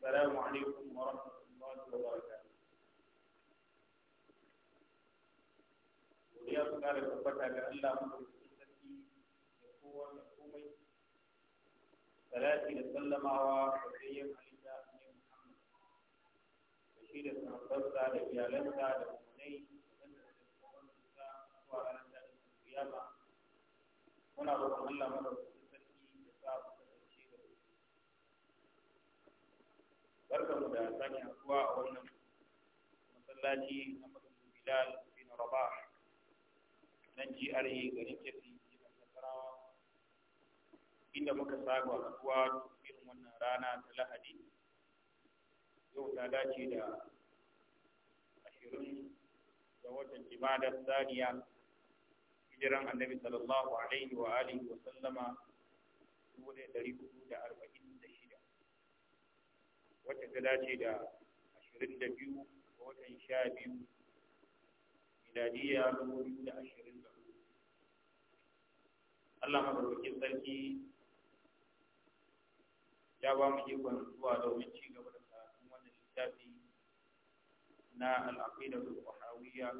السلام عليكم ورحمة الله وبركاته. وليا سكارة كبتها كألا أمر السلسلتي يقوى ثلاثين سلم على حسين حليسا بن محمد بشير سنفرسا لبيالسا لبني سنفرسا لبيالسا لبيالسا لبيالسا لبيالسا لبيالسا لبيالسا لبيالسا لبيالسا لبيالسا barkamu da sake haɗuwa a wannan masallaci na masallin bilal bin rabah nan GRA garin Kebbi jihar Nasarawa inda muka saba haɗuwa irin wannan rana ta Lahadi yau ta dace da ashirin ga watan Jimadar Saniya hijiran Annabi sallallahu alaihi wa alihi wa sallama Wata ta dace da ashirin da biyu ga watan sha biyu miladiya da ashirin da Allah madaukakin sarki ya ba mu ikon zuwa domin ci gaba da karatun wannan littafi na al'aqidatul wahawiyya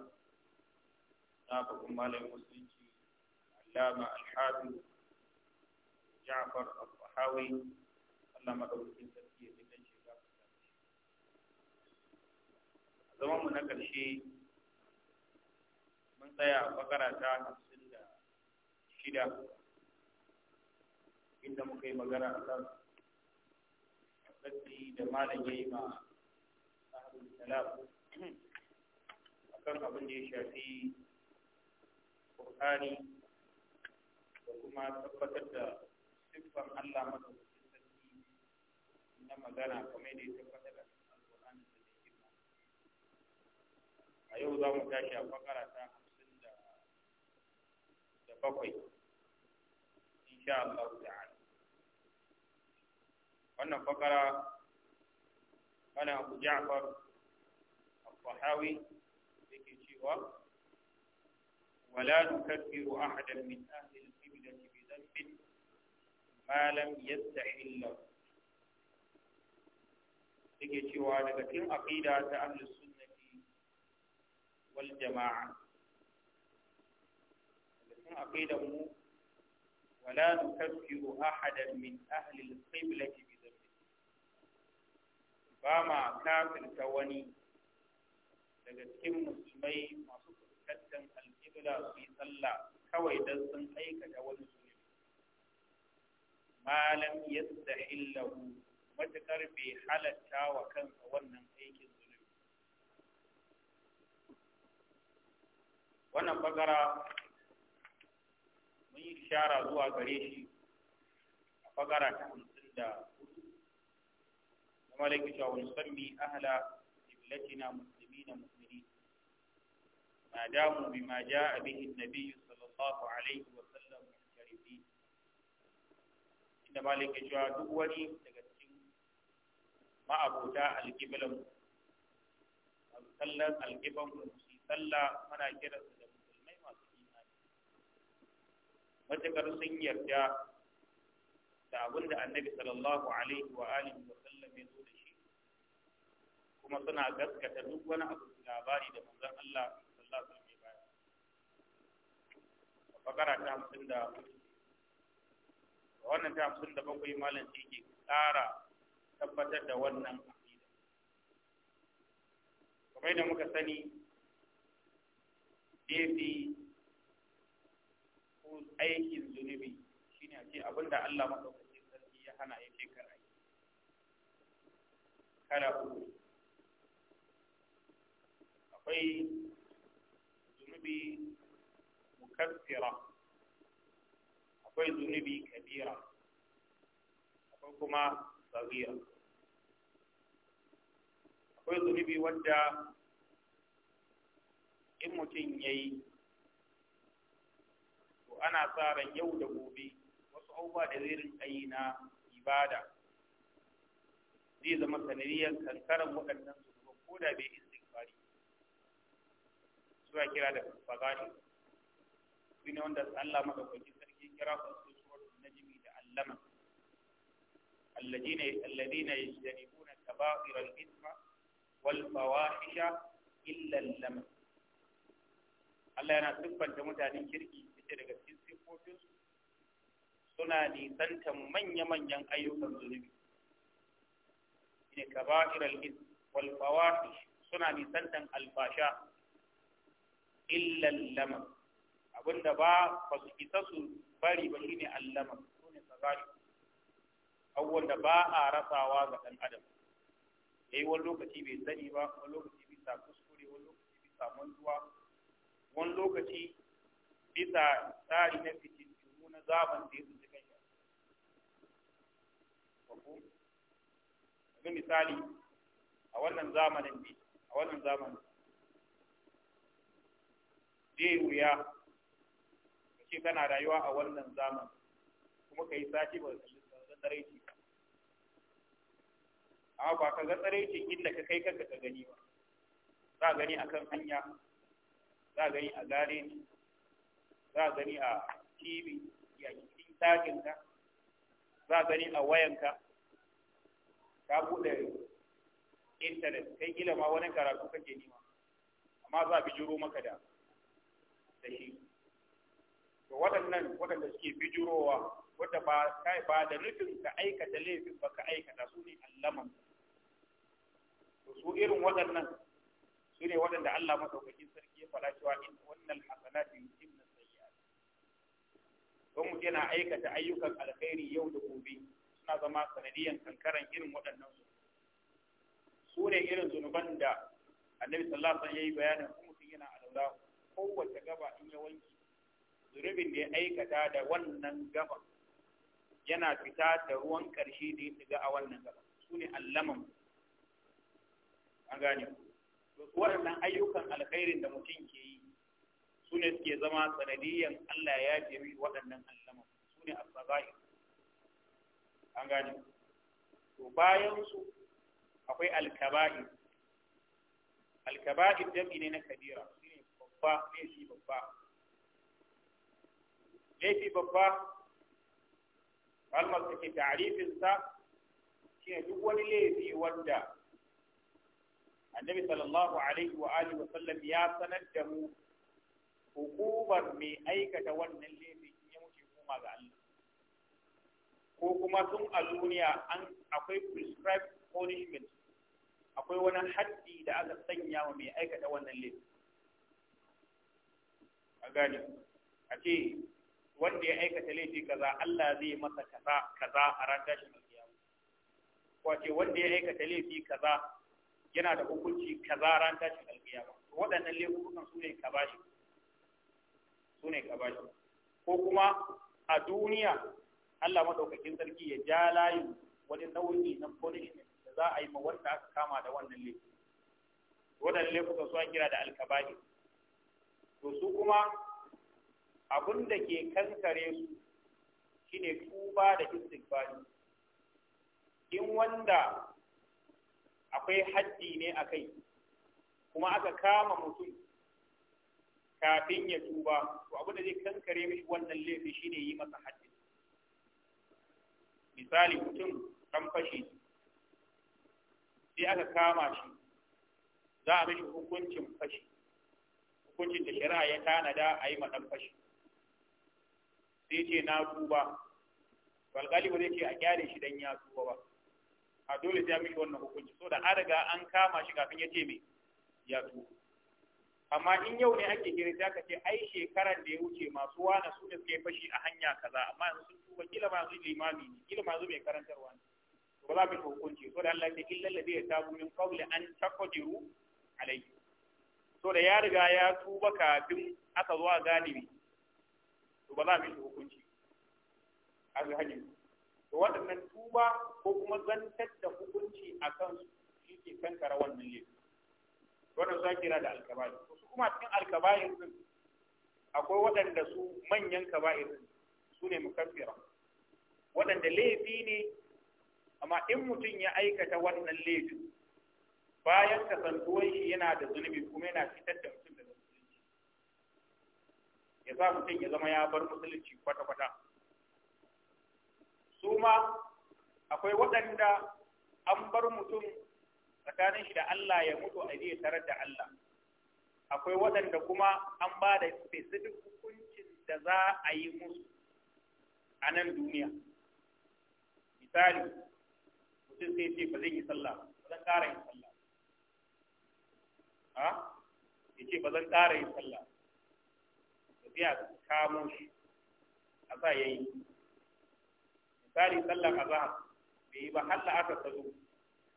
na babban malamin musulunci allama al-hafiz Ja'far al-Tahawi Allah madaukakin sarki zaman mu na ƙarshe mun tsaya a bakara ta hamsin da shida inda muka yi magana a kan tsaki da malam ya yi ma ahlul salam a kan abin da ya shafi ƙur'ani da kuma tabbatar da siffan Allah madaukakin sarki na magana kamar da ya tabbatar yau za mu tashi a fakara ta hamsin da bakwai insha Allah ta'ala wannan fakara ana abu ja'far al-fahawi yake cewa ولا نكفر أحدا من أهل القبلة بذنب ما لم يستحله yake cewa daga cikin aqida ta ahlus wal jama'a sun aqidan mu wala nukaffiru ahadan min ahli al bi dhanbi ba ma ta wani daga cikin musulmai masu fuskantar al-qibla su yi sallah kawai dan sun aikata wani zunubi malam yastahillahu matakar bai halatta wa kansa wannan wannan bagara mun yi shara zuwa gare shi a bagara ta hamsin da hudu na malaki wani musammi ahala jibilatina musulmi na musulmi na damu bi maja a bihin nabi sallallahu alaihi wa sallam a sharifi inda malaki duk wani daga cikin ma'abuta alkiblan musulmi sallar alkiblan musulmi sallar mana kiran matakar sun yarda da abin da annabi sallallahu alaihi wa alihi wa sallam ya zo da shi kuma suna gaskata duk wani abu labari da manzon Allah sallallahu alaihi wa sallam ya bakara ta hamsin da wannan ta hamsin da bakwai malam shi ke tsara tabbatar da wannan aƙida kamar da muka sani jefi aikin zunubi shi ne a ce abinda Allah madaukakin sarki ya hana ya ce kara yi. Kara uku akwai zunubi mukassira, akwai zunubi kabira akwai kuma sagira akwai zunubi wadda in mutum ya yi ana sa ran yau da gobe wasu abubuwa da zai rinka yi na ibada zai zama sanadiyar kankaran waɗannan zunuban ko da bai istighfari suna kira da fagashi su ne wanda Allah kwanci sarki kira su su suratul najmi da allama alladina alladina yajtanibuna kaba'ir al-ithma wal fawahisha illa al-lam Allah yana siffanta mutanen kirki ce daga cikin sifofinsu suna nisanta manya-manyan ayyukan zunubi ne kaba'ir al-is wal fawahish suna nisantan albasha illa lama abinda ba ba su isa su bari ba shine allama, sune tsagari abubuwan da ba a rasawa ga dan adam yayi wani lokaci bai sani ba wani lokaci bisa kuskure wani lokaci bisa mantuwa wani lokaci bisa tsari na fitintunu na zaman da ya tsinci kan shi yanzu misali a wannan zamanin ne a wannan zamanin zai wuya ke kana rayuwa a wannan zaman kuma ka yi sati ba da tsaraici amma ba ka ga tsaraici inda ka kai kanka ka gani ba za a gani a kan hanya za a gani a gare ni za a gani a tv ya cikin ka, za a gani a wayanka ka buɗe intanet kai kila ma wani karatu kake nima amma za a bijiro maka da da shi to waɗannan waɗanda suke bijirowa wadda ba kai ba da nufin ka aikata laifin ba ka aikata su ne allaman su irin waɗannan su ne waɗanda Allah madaukakin sarki ya fara cewa in wannan hasanatin yusib mu yana aikata ayyukan alkhairi yau da gobe suna zama sanadiyan kankaran irin waɗannan su su ne irin zunuban da annabi sallallahu alaihi wasallam yi bayanin ko mutum yana alaula kowace gaba in ya wanki zunubin da ya aikata da wannan gaba yana fita da ruwan ƙarshe da ya shiga a wannan gaba su ne allaman an gane waɗannan ayyukan alkhairin da mutum ke yi سنة كي زما سنديا الله ياجي وأن نعلم سنة الصغير أنجاني وبايم سو أقوي الكبائر الكبائر جم إلينا كبيرة سنة بابا ليش بابا ليش بابا المصدر في تعريف الساق كي يجوّل ليه ودا النبي صلى الله عليه وآله وسلم يا سنة جمهور hukumar mai aikata wannan laifin ya wuce kuma ga Allah ko kuma sun a duniya an akwai prescribed punishment akwai wani haddi da aka sanya wa mai aikata wannan laifin a gani a ce wanda ya aikata laifi kaza Allah zai masa kaza kaza a ran tashin alkiyama ko ce wanda ya aikata laifi kaza yana da hukunci kaza ran tashin alkiyama waɗannan laifukan su ne shi su ne ko kuma a duniya Allah maɗaukakin sarki ya ja layu wani nauyi na punishment da za a yi ma wanda aka kama da wannan laifi waɗannan laifukan su kira da alkabari to su kuma abin da ke kankare su shine tuba da istighfari in wanda akwai haddi ne a kai kuma aka kama mutum kafin ya tuba to abin da zai kankare mishi wannan laifi shine yi masa haddi misali mutum kan fashi sai aka kama shi za a mishi hukuncin fashi hukuncin da shari'a ya tanada a yi maɗan fashi sai ce na tuba walƙali ba zai ce a gyare shi dan ya tuba ba a dole sai a mishi wannan hukunci so da an riga an kama shi kafin ya ce mai ya tuba amma in yau ne ake hira sai ka ce ai shekaran da ya wuce masu wana su da suke fashi a hanya kaza amma yanzu sun tuba kila ma su limami ne kila ma su mai karantarwa ne to ba za mu hukunci so da Allah ya illa ladhi yatabu min qawli an taqdiru alayhi so da ya riga ya tuba kafin aka zuwa galibi to ba za mu hukunci a hanyar. to waɗannan tuba ko kuma zantar da hukunci akan su shi ke kankara wannan laifi wannan za kira da alkabari kuma cikin alkaba'ir din akwai waɗanda su manyan kaba'ir din su ne mukaffira waɗanda laifi ne amma in mutum ya aikata wannan laifin bayan kasantuwar shi yana da zunubi kuma yana fitar da mutum daga musulunci ya sa mutum ya zama ya bar musulunci kwata-kwata su ma akwai waɗanda an bar mutum tsakanin shi da Allah ya mutu a zai tarar da Allah akwai waɗanda kuma an ba da specific hukuncin da za a yi musu a nan duniya misali mutum sai ce ba zai yi sallah ba zan ƙara yin sallah ha ya ce ba zan ƙara yin sallah ba zai a kamo shi a sa ya yi misali sallah a azahar bai yi ba halla aka ta zo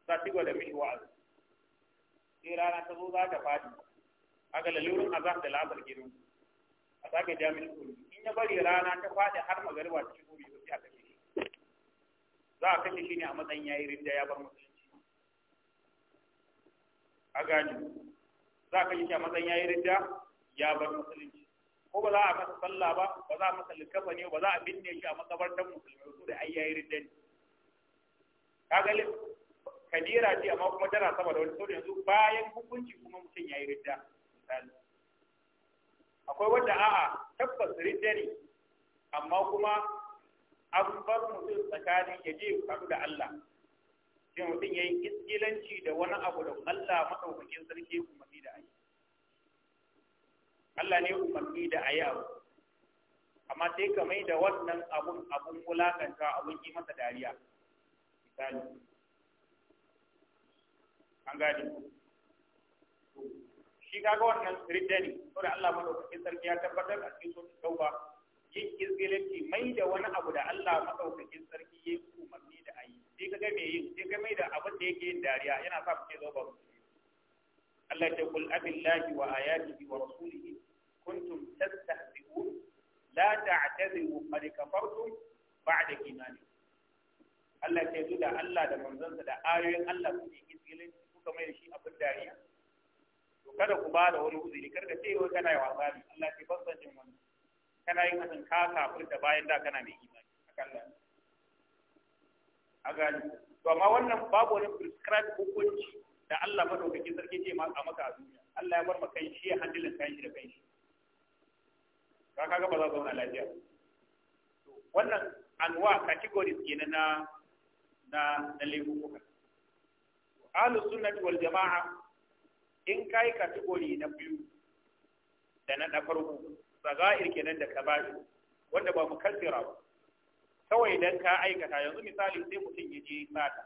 za ta gwada mishi wa'azi sai rana ta zo za ta faɗi kaga lalurin azhar da la'asar gidon a sake jami'in kuri in ya bari rana ta faɗi har magariba ta shigo bai sai a kashe shi za a kashe shi ne a matsayin yayi ridda ya bar musulunci a gani za a kashe shi a matsayin yayi ridda ya bar musulunci ko ba za a kasa sallah ba ba za a masa likafa ne ba za a binne shi a makabartar musulmai su da ai yayi ridda ne kaga kadira ce amma kuma tana sama da wani sauri yanzu bayan hukunci kuma mutum yayi ridda misali akwai wanda a'a tabbas rinde ne amma kuma an bar mutum tsakanin ya je haɗu da Allah sai mutum ya yi iskilanci da wani abu da Allah maɗaukakin sarki umarni da ayi Allah ne umarni da ayi abu amma sai ka mai da wannan abun abun wulakanta abun yi masa dariya misali an gane shi kaga wannan ridda ne saboda Allah madaukakin sarki ya tabbatar a cikin sunan tauba yin izgilanci mai da wani abu da Allah madaukakin sarki ya umarni da ayi sai kaga me yin sai kaga mai da abu da yake yin dariya yana sa ce zo ba Allah ya kul abillahi wa ayatihi wa rasulihi kuntum tastahzi'un la ta'tadiru qad kafartum ba'da imani Allah ya da Allah da manzansa da ayoyin Allah su ne izgilanci kuka mai da shi abin dariya kada ku bada wani uzuri kar ka ce wai kana yi wasa ne Allah ke fasan jin wani kana yin hakan ka kafir da bayan da kana mai imani akalla a gani to amma wannan babu wani prescribe hukunci da Allah madaukaki sarki ce ma a maka a duniya Allah ya bar maka kai shi ya handilin kai shi da kai shi ka kaga ba za ka zauna lafiya wannan anwa categories kenan na na na lebuka ahlus sunnati wal jamaa in kai kategori na biyu da na farko sagair kenan da kabari wanda ba mu kaddara ba kawai dan ka aikata yanzu misali sai mutum ya je sata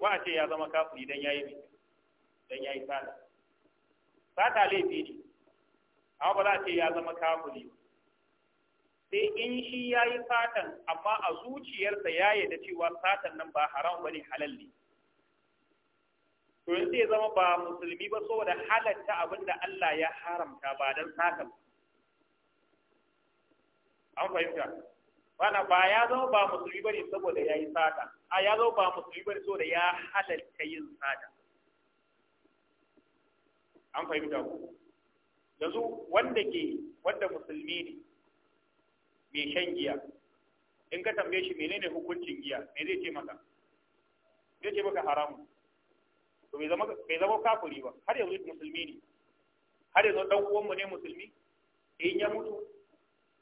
ba a ce ya zama kafiri dan yayi mai dan yayi sata sata laifi ne amma ba za a ce ya zama kafiri sai in shi yayi satan amma a zuciyarsa ya da cewa satan nan ba haram bane halal ne to yanzu ya zama ba musulmi ba saboda halatta abin da Allah ya haramta ba don saka an fahimta wana ba ya zama ba musulmi bane saboda ya yi sata a ya zama ba musulmi bane saboda ya halatta yin sata an fahimta ku yanzu wanda ke wanda musulmi ne mai shan giya in ka tambaye shi menene hukuncin giya me zai ce maka zai ce maka haramun to bai zama bai zama kafiri ba har yanzu musulmi ne har yanzu dan mu ne musulmi in ya mutu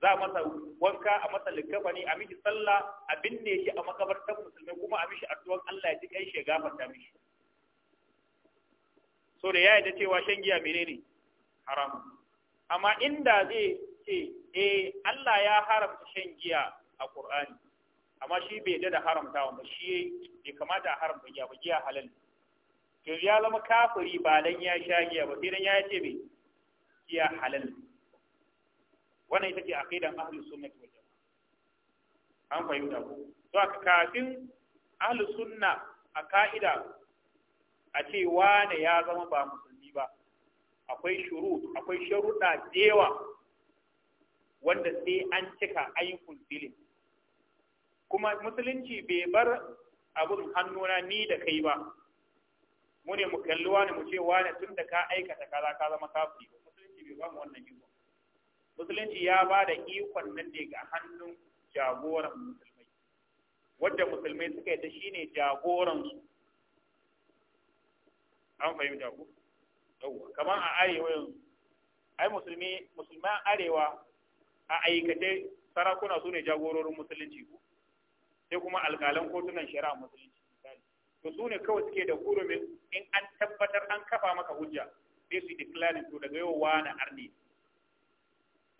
za a masa wanka a masa likafani ne a miki sallah a binne shi a makabartar musulmi kuma a mishi addu'an Allah ya ji kai shi ya gafarta mishi so da ya da cewa shan giya menene haram amma inda zai ce eh Allah ya haramta shan giya a Qur'ani amma shi bai da haramtawa ba shi bai kamata a haramta giya ba giya halal ne yanzu ya zama kafiri ba dan ya sha giya ba sai dan ya ce me giya halal wannan ita ce aqidan ahli sunnah wal jamaa an fahimta ko to aka kafin ahli sunna a ka'ida a ce wane ya zama ba musulmi ba akwai shuru akwai sharuɗa dewa wanda sai an cika ayin fulfilin kuma musulunci bai bar abin hannuna ni da kai ba mu ne mu kalli wani mu ce wani tun da ka aikata kaza ka zama kafiri musulunci bai ba mu wannan iko musulunci ya ba da ikon nan ne ga hannun jagoran musulmai wanda musulmai suka yi ta shine jagoran su an fahimta ku yawwa kamar a arewa yanzu ai musulmi musulman arewa a aikace sarakuna su ne jagororin musulunci ko? sai kuma alƙalan kotunan shari'a musulunci misali to su ne kawai suke da hurumin in an tabbatar an kafa maka hujja sai su declaring to daga yau wani arni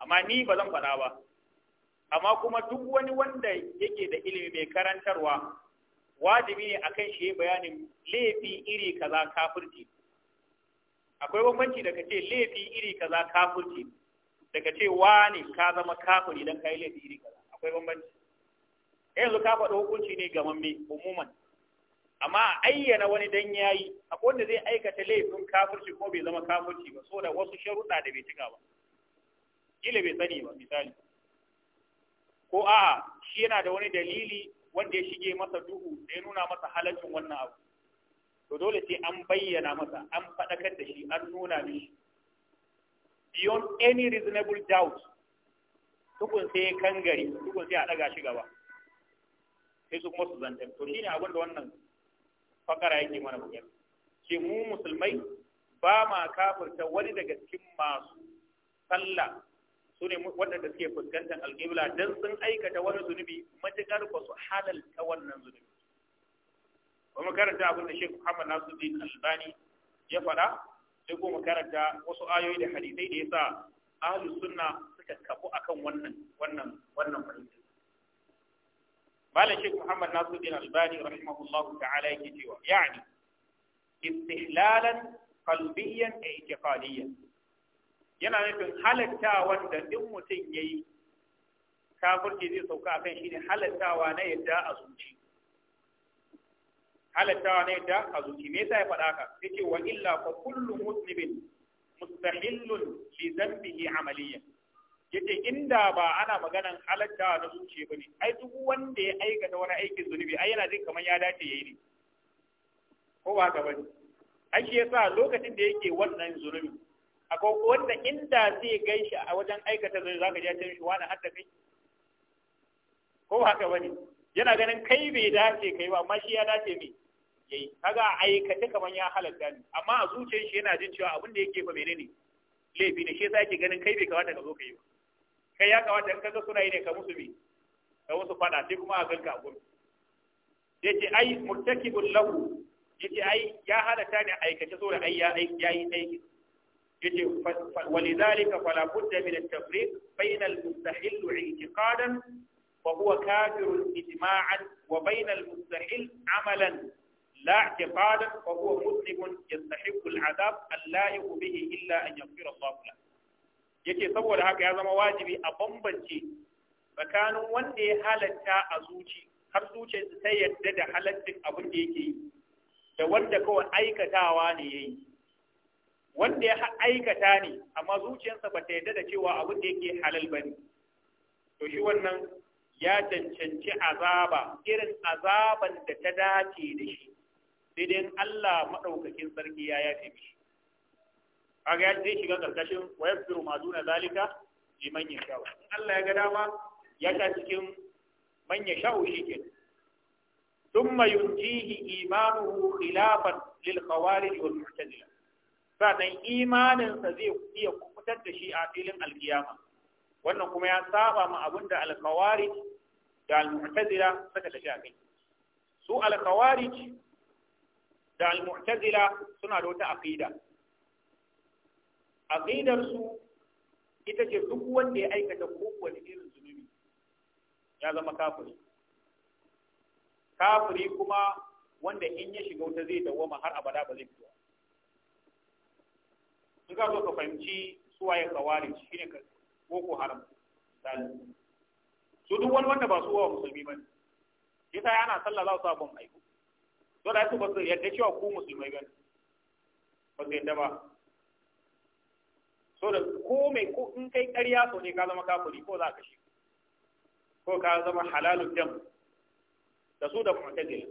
amma ni ba zan faɗa ba amma kuma duk wani wanda yake da ilimi mai karantarwa wajibi ne akan shi bayanin laifi iri kaza kafirci akwai bambanci daga ce laifi iri kaza kafirci daga ce wani ka zama kafiri dan kai laifi iri kaza akwai bambanci yanzu ka faɗi hukunci ne ga mamme umuman amma ayyana wani dan yayi akwai wanda zai aikata laifin kafirci ko bai zama kafirci ba saboda wasu sharuɗa da bai cika ba kila bai sani ba misali ko a'a shi yana da wani dalili wanda ya shige masa duhu da ya nuna masa halaccin wannan abu to dole sai an bayyana masa an faɗakar da shi an nuna mishi beyond any reasonable doubt tukun sai kangare tukun sai a ɗaga shi gaba sai su kuma su zantar to shine abin da wannan fakara yake mana magana ce mu musulmai ba ma kafirta wani daga cikin masu sallah su ne waɗanda suke fuskantar alƙibla don sun aikata wani zunubi matuƙar ba su halalta wannan zunubi mu karanta abin da Sheikh Muhammad Nasiruddin Albani ya faɗa sai kuma karanta wasu ayoyi da hadisai da yasa ahlus sunna suka kafu akan wannan wannan wannan fahimta malam Sheikh Muhammad Nasiruddin Albani rahimahullahu ta'ala yake cewa yani istihlalan qalbiyyan e i'tiqadiyyan yana nufin halattawa da duk mutum yayi kafirci zai sauka akan shi ne halattawa na yadda a zuci halattawa na yadda a zuci me yasa ya faɗa ka yace wa illa fa kullu muslimin mustahillun li dhanbihi amaliyan yace inda ba ana maganan halatta na zuciya bane ai duk wanda ya aikata wani aikin zunubi ai yana jin kamar ya dace yayi ne ko ba ka bane ai shi yasa lokacin da yake wannan zunubi akwai wanda inda zai gaishe a wajen aikata zunubi zaka ji ya ce shi wani hadda kai ko ba ka bane yana ganin kai bai dace kai ba amma shi ya dace ne yayi kaga aikata kamar ya halatta ne amma a zuciyar shi yana jin cewa abin da yake fa menene laifi ne shi yasa yake ganin kai bai kamata ka zo ka yi ba kai ya kamata in kaga suna yi ne ka musu bi ka musu fada sai kuma a ganka a Ya ce ai murtakibul lahu ce ai ya halata ne aikace saboda ai ya yi aiki Ya ce walidhalika fala budda min at-tafriq bayna al-mustahil i'tiqadan wa huwa kafir ijma'an wa bayna al-mustahil 'amalan لا اعتقادا وهو مذنب يستحق العذاب اللائق به الا ان يغفر الله له yake saboda haka ya zama wajibi a bambance tsakanin wanda ya halatta a zuci har zuci ta yadda da halattin abin da yake yi da wanda kawai aikatawa ne ya yi. wanda ya aikata ne amma zuciyarsa ba ta yadda da cewa abin da yake halal ne to shi wannan ya cancanci azaba irin azaban da ta dace da shi sai dai Allah maɗaukakin sarki ya yafe mishi kaga zai shiga karkashin wa yaghfiru ma duna zalika liman yasha Allah ya ga dama ya ta cikin shi yasha shike thumma yunjihi imanuhu khilafan lil khawarij wal mu'tazila sannan imanin sa zai iya kubutar da shi a filin alkiyama wannan kuma ya saba ma abinda al khawarij da al mu'tazila suka tafi a kai su al khawarij da al mu'tazila suna da wata aqida aqidar su ita ce duk wanda ya aikata kowane irin zunubi ya zama kafiri kafiri kuma wanda in ya shiga wuta zai dawoma har abada ba zai fito in ka zo ka fahimci suwaye kawari shine ka boko haram misali su duk wani wanda ba su wa musulmi ba ne yasa ana sallah za su sabon aiko to da su ba su yadda cewa ku musulmai ba ne ba su yadda ba so da ko mai ko in kai ƙarya so ne ka zama kafiri ko za ka shi ko ka zama halalun dam da su da mu'tazila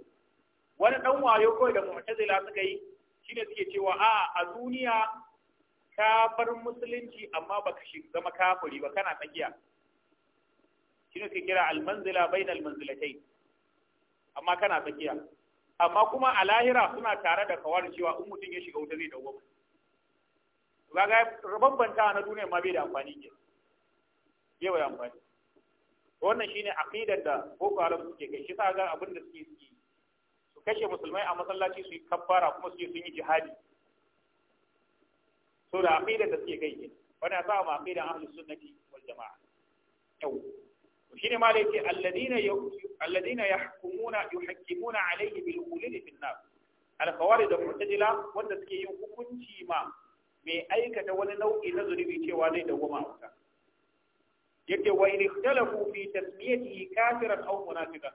wani dan wayo ko da mu'tazila suka yi shine suke cewa a a duniya ka bar musulunci amma baka shi zama kafiri ba kana tsakiya shine suke kira almanzila bainal manzilatayn amma kana tsakiya amma kuma a lahira suna tare da kawar cewa in mutum ya shiga wuta zai dawo kaga bambanta na duniya ma bai da amfani ke bai bai amfani wannan shine aqidar da boko haram suke kai shi ga abin da suke suke su kashe musulmai a masallaci su yi kabbara kuma su yi sun yi jihadi so da aqidar da suke kai ke wannan sa ma aqidar ahlus sunnati wal jamaa yau shine ma dai ce alladina alladina yahkumuna yuhakkimuna alayhi bil khulud fil an-nar al-khawarij da mutajila wanda suke yin hukunci ma mai aikata wani nau'i na zunubi cewa zai dawoma a wuta yake wa in ikhtalafu fi tasmiyatihi kafiran aw munafiqan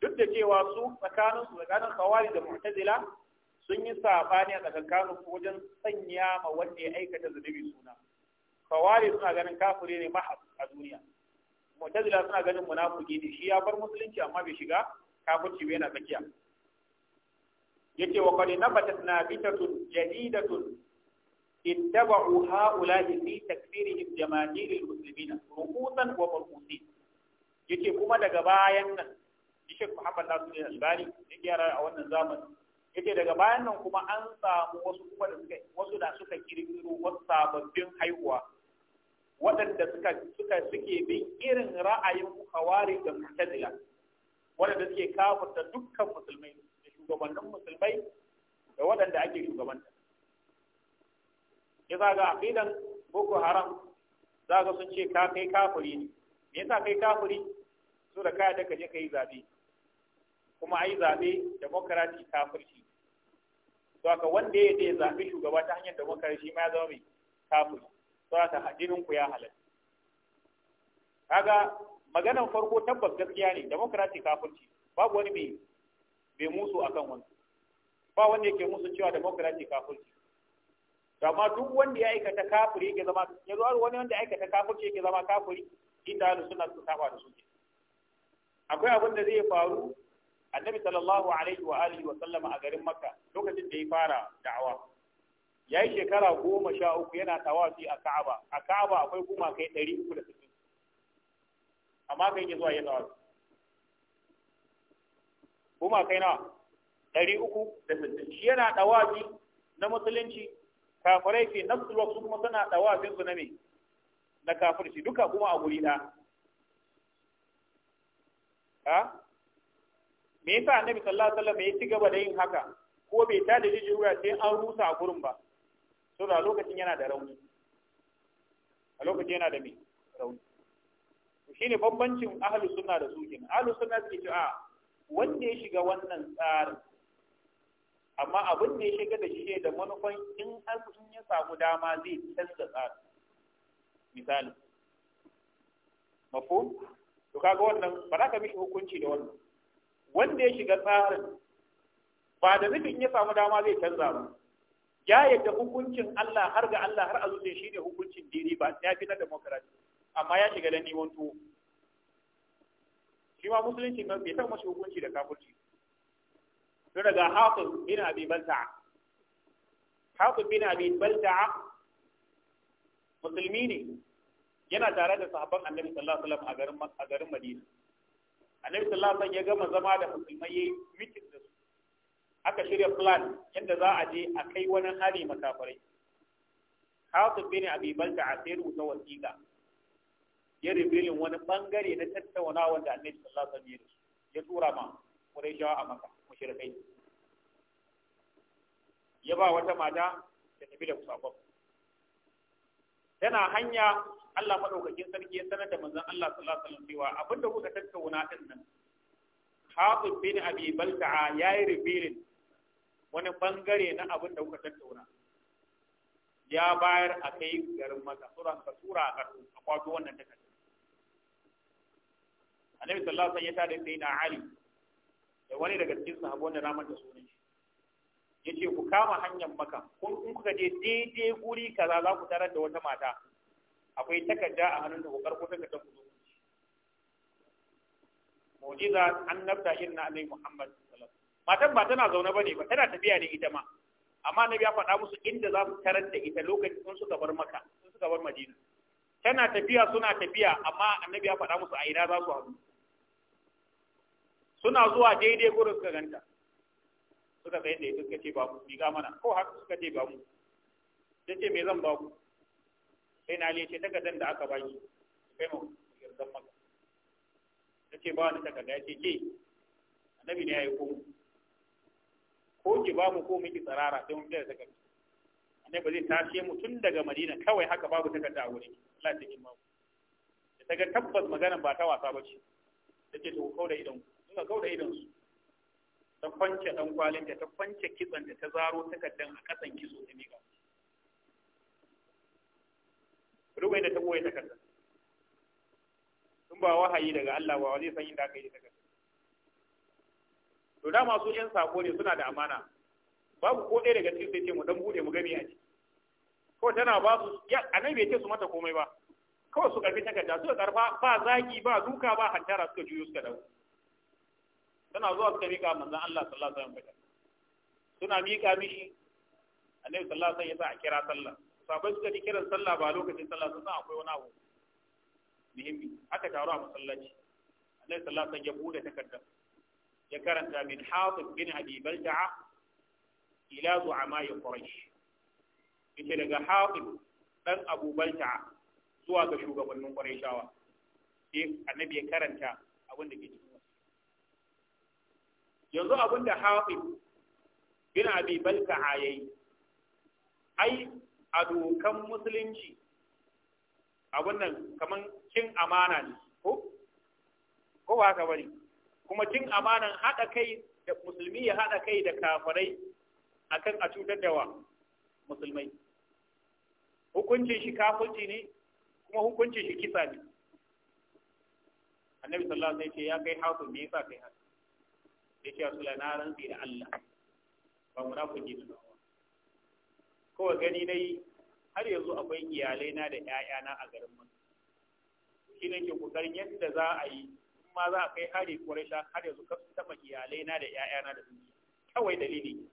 duk da cewa su tsakanin su tsakanin khawari da mu'tazila sun yi sabani a tsakanin su wajen sanya ma wanda ya aikata zunubi suna khawari suna ganin kafire ne mahab a duniya mu'tazila suna ganin munafiki ne shi ya bar musulunci amma bai shiga kafirci bai na tsakiya yake wa qad nabatat nabitatun jadidatun اتبعوا هؤلاء في takfirihim jama'iril المسلمين rukusan wa qurqusin yace kuma daga bayan nan Sheikh Muhammad Nasir Al-Albani ya gyara a wannan zamanin yake daga bayan nan kuma an samu wasu kuma da suka wasu da suka kirkiro wasu sababbin haihuwa waɗanda suka suka suke bin irin ra'ayin hawari da mutadila waɗanda suke kafirta dukkan musulmai da shugabannin musulmai da waɗanda ake shugabanta shi za ga aqidan boko haram za ga sun ce ka kai kafiri ne me yasa kai kafiri so da kai da kaje kai zabe kuma ai zabe demokrati kafirci to aka wanda ya da zabe shugaba ta hanyar demokrati ma ya zama mai kafiri to aka hajinin ku ya halal. kaga maganan farko tabbas gaskiya ne demokrati kafirci babu wani mai bai musu akan wani ba wanda yake musu cewa demokrati kafirci to amma duk wanda ya aikata kafiri yake zama ya zo wani wanda ya aikata kafirci yake zama kafiri inda ahlus sunna su saba da su akwai abin da zai faru annabi sallallahu alaihi wa alihi wa sallama a garin makka lokacin da ya fara da'awa ya yi shekara goma sha uku yana tawafi a ka'aba a ka'aba akwai gumakai ɗari uku da sittin amma kai ke zuwa ya tawafi gumakai na ɗari uku da sittin shi yana tawafi na musulunci kafirai fi nafsul waqt kuma suna dawafin su na na kafirci duka kuma a guri da ha me yasa annabi sallallahu alaihi wasallam ya ci gaba da yin haka ko bai ta da ruwa sai an rusa a gurin ba so da lokacin yana da rauni a lokacin yana da me rauni shine bambancin ahlus sunna da su kin ahlus sunna suke cewa wanda ya shiga wannan tsarin amma abin da ya shiga da shi da manufan in an ya samu dama zai canza tsari misali mafhum to kaga wannan ba za ka mishi hukunci da wannan wanda ya shiga tsarin ba da nufin ya samu dama zai canza ba ya yadda hukuncin Allah har ga Allah har zuce shi ne hukuncin dini ba ya fi na demokarasi amma ya shiga da neman tuwo shi ma musulunci ba bai san mashi hukunci da kafirci sun daga hafiz bin abi balta hafiz bin abi balta musulmi ne yana tare da sahabban annabi sallallahu alaihi wasallam a garin Madina annabi sallallahu alaihi wasallam ya gama zama da musulmai yayi meeting da su aka shirya plan yadda za a je a kai wani hari makafirai Hatib bin Abi Balta a sai rubuta wasiƙa ya rubilin wani bangare na tattaunawa da annabi sallallahu alaihi wasallam ya tura ma Qurayshawa a Makka mushrikai ya ba wata mata ta tafi da sakon tana hanya Allah maɗaukakin sarki ya sanar da manzon Allah sallallahu alaihi wasallam cewa abinda kuka tattauna din nan Hatib bin Abi Balta'a yayi revealing wani bangare na abinda kuka tattauna ya bayar a kai garin maka sura ka tura a karfi a kwato wannan takarda annabi sallallahu alaihi wasallam ya tada sayyidina na ali da wani daga cikin sahabo wanda ramar da sunan shi yace ku kama hanyar maka ko in kuka je daidai guri kaza za ku tarar da wata mata akwai takarda a hannun da ku karko ta ku zo mu'jiza annabta irin na annabi Muhammad sallallahu alaihi wasallam matan ba tana zaune bane ba tana tafiya ne ita ma amma nabi ya faɗa musu inda za su tarar da ita lokacin sun suka bar maka sun suka bar madina tana tafiya suna tafiya amma annabi ya faɗa musu a ina za su haɗu suna zuwa daidai gurin suka ganta suka tsaye da suka ce ba mu miƙa mana ko haka suka ce ba mu ta ce me zan ba ku sai na lece takardar da aka baki kai mu yarda maka ta ce ba wani takarda ya ce ke annabi ne ya yi ko ko ki ba mu ko miki tsarara sai mun fita da takarda annabi zai tashe mu tun daga madina kawai haka babu takarda a wuri Allah ya kima da ta tabbas maganar ba ta wasa ba ce ta ce to kau da idan ku suka kauda idonsu ta kwance dan kwalin ta kwance kitsan ta zaro takaddan a kasan kitso ta miƙa ruwai da ta boye takardan tun ba wahayi daga Allah ba zai san inda aka yi takardan to da masu yan sako ne suna da amana babu ko ɗaya daga cikin sai ce mu dan bude mu gani a ciki ko tana ba su ya annabi bai ce su mata komai ba kawai su karbi takarda suka karfa ba zagi ba duka ba hantara suka juyo suka dawo. suna zuwa suka mika manzan Allah sallallahu alaihi wasallam suna mika mishi annabi sallallahu alaihi wasallam ya sa a kira sallah sabai suka ji kiran sallah ba lokacin sallah sun san akwai wani abu muhimmi aka taru a masallaci annabi sallallahu alaihi wasallam ya bude takarda ya karanta min hafiz bin abi balta'a ila zu'ama ya quraish yace daga hafiz dan abu balta'a zuwa ga shugabannin quraishawa sai annabi ya karanta abin da ke ciki yanzu abin da hafi bin abi balka hayayi ai a dokan musulunci abin nan kaman cin amana ne ko ko ba ka bari kuma cin amanan haɗa kai da musulmi ya haɗa kai da kafirai akan a cutar da wa musulmai hukuncin shi kafirci ne kuma hukuncin shi kisa ne annabi sallallahu alaihi wasallam ya kai hafu me yasa kai haka yake ce wasu na rantsi da Allah ba mu na nawa kawai gani dai har yanzu akwai iyalai na da na a garin mu shi ne ke kokarin yadda za a yi in ma za a kai hari quraisha har yanzu ka taba iyalai na da na da su kawai dalili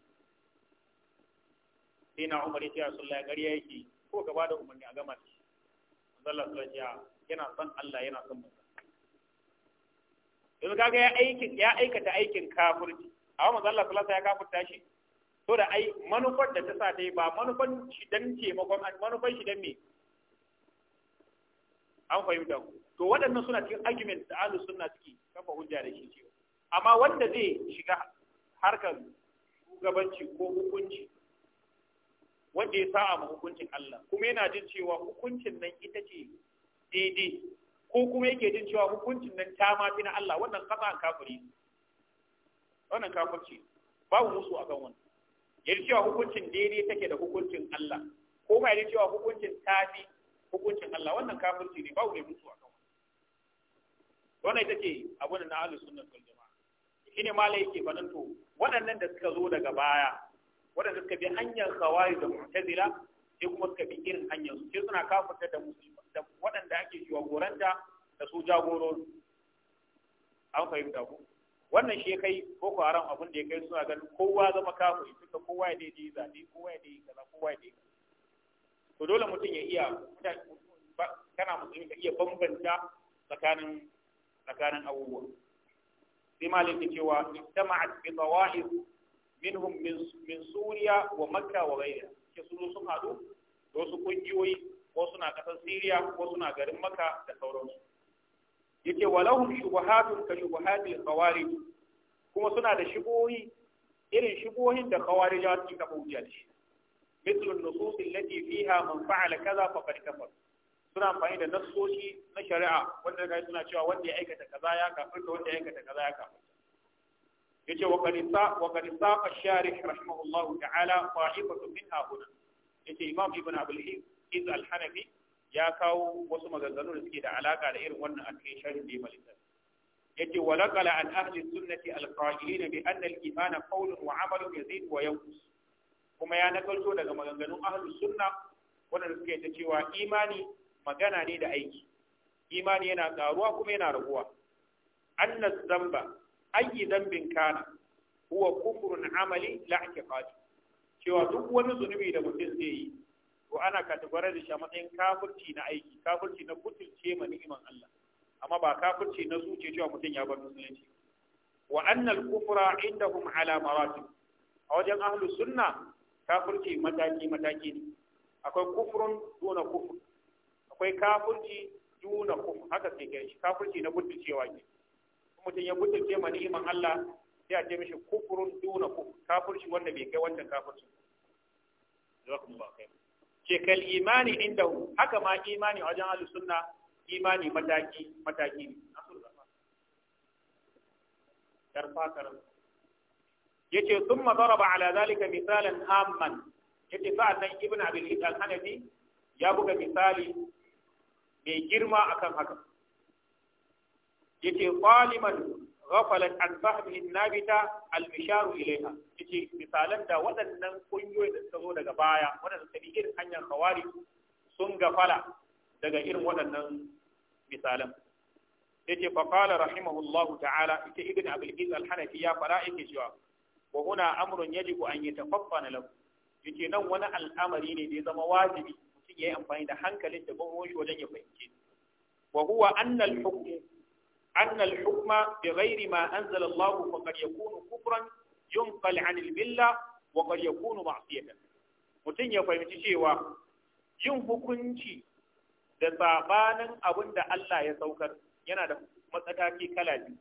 sai na umar ya ce rasulullahi gari yake ko gaba da umarni a gama shi sallallahu alaihi wasallam yana son Allah yana son mutum yanzu kaga ya aikin ya aikata aikin kafirci amma manzo Allah sallallahu alaihi wasallam ya kafirta shi to da ai manufar da ta sa dai ba manufar shi dan taimakon Manufar shi dan me an fahimta ku to waɗannan suna cikin argument da ahlus sunna suke kafa hujja da shi cewa amma wanda zai shiga harkar shugabanci ko hukunci wanda ya sa ma hukuncin Allah kuma yana jin cewa hukuncin nan ita ce daidai ko kuma yake jin cewa hukuncin nan ta ma fi na Allah wannan kafa kafiri wannan kafirci babu musu a kan wannan ji cewa hukuncin daidai take da hukuncin Allah ko ma ji cewa hukuncin ta fi hukuncin Allah wannan kafirci ne babu ne musu a kan wannan wannan ita ce abin na ahlus sunnah wal jamaa shine malai yake banan to waɗannan da suka zo daga baya waɗanda suka bi hanyar khawari da mu'tazila sai kuma suka bi irin hanyar su sai suna kafirta da musulmi waɗanda ake shugabanta da su jagorori an fahimta ku wannan shi kai boko haram abin da ya kai suna ganin kowa zama kafiri fita kowa ya daidai zaɓe kowa ya daidai kaza kowa ya daidai to dole mutum ya iya kana musulmi ka iya bambanta tsakanin tsakanin abubuwa sai malin cewa ijtama'at bi zawahir minhum min suriya wa makka wa ghayriha ke su sun hadu da wasu kungiyoyi ko suna kasar Siriya ko suna garin Makka da sauransu yake walahum shubuhatun ka shubuhatil khawarij kuma suna da shubuhi irin shubuhin da khawarijawa suke kafa hujja da shi مثل النصوص التي فيها من kaza كذا فقد كفر suna amfani da nassoshi na shari'a wanda ga suna cewa wanda ya aikata kaza ya kafirta wanda ya aikata kaza ya kafirta yace wa qanisa wa qanisa ash-sharih rahimahullahu ta'ala fa'ibatu minha huna yace imam ibn abul hayy iz al-hanafi ya kawo wasu maganganu da suke da alaka da irin wannan a cikin sharhin da ya malita Yake wa laqala an ahli sunnati al-qa'ilina bi anna al-iman qawlun wa 'amalun yazid wa yanqus kuma ya nakalto daga maganganun ahli sunna wanda suke ta cewa imani magana ne da aiki imani yana karuwa kuma yana raguwa anna zamba ayi zambin kana huwa kufrun amali la i'tiqadi cewa duk wani zunubi da mutum zai yi to ana kategorar da shi a matsayin kafirci na aiki kafirci na butulce ma ni'iman Allah amma ba kafirci na zuciya cewa mutum ya bar musulunci wa annal kufra indahum ala maratib a wajen ahlu sunna kafirci mataki mataki ne akwai kufrun duna kufur akwai kafirci duna kufur haka sai kai kafirci na cewa ne mutum ya butulce ma ni'iman Allah sai a ce mishi kufrun duna kufur kafirci wanda bai kai wancan kafirci jazakumullahu khairan ce kal imani hu haka ma imani wajen ahlus suna imani mataki mataki ne Ya ce sun thumma ba ala zalika ya ce yace nan Ibn abil hisan hanafi ya buga misali mai girma akan haka ce kwaliman ghafalat an fahmihi nabita al-mishar ilaiha yace misalan da waɗannan kungiyoyi da suka zo daga baya waɗanda suka bi irin hanyar khawari sun gafala daga irin waɗannan misalan yace fa qala rahimahullahu ta'ala ta ibn abul iz al-hanafi ya fara yake cewa wa huna amrun yajibu an yatafaffana lahu yace nan wani al'amari ne da ya zama wajibi mutum ya yi amfani da hankalin da ban shi wajen ya fahimce wa huwa anna أن الحكم بغير ما أنزل الله فقد يكون كفرا ينقل عن الملة وقد يكون معصية mutum ya fahimci cewa yin hukunci da sabanin abin da Allah ya saukar yana da matsataki kala biyu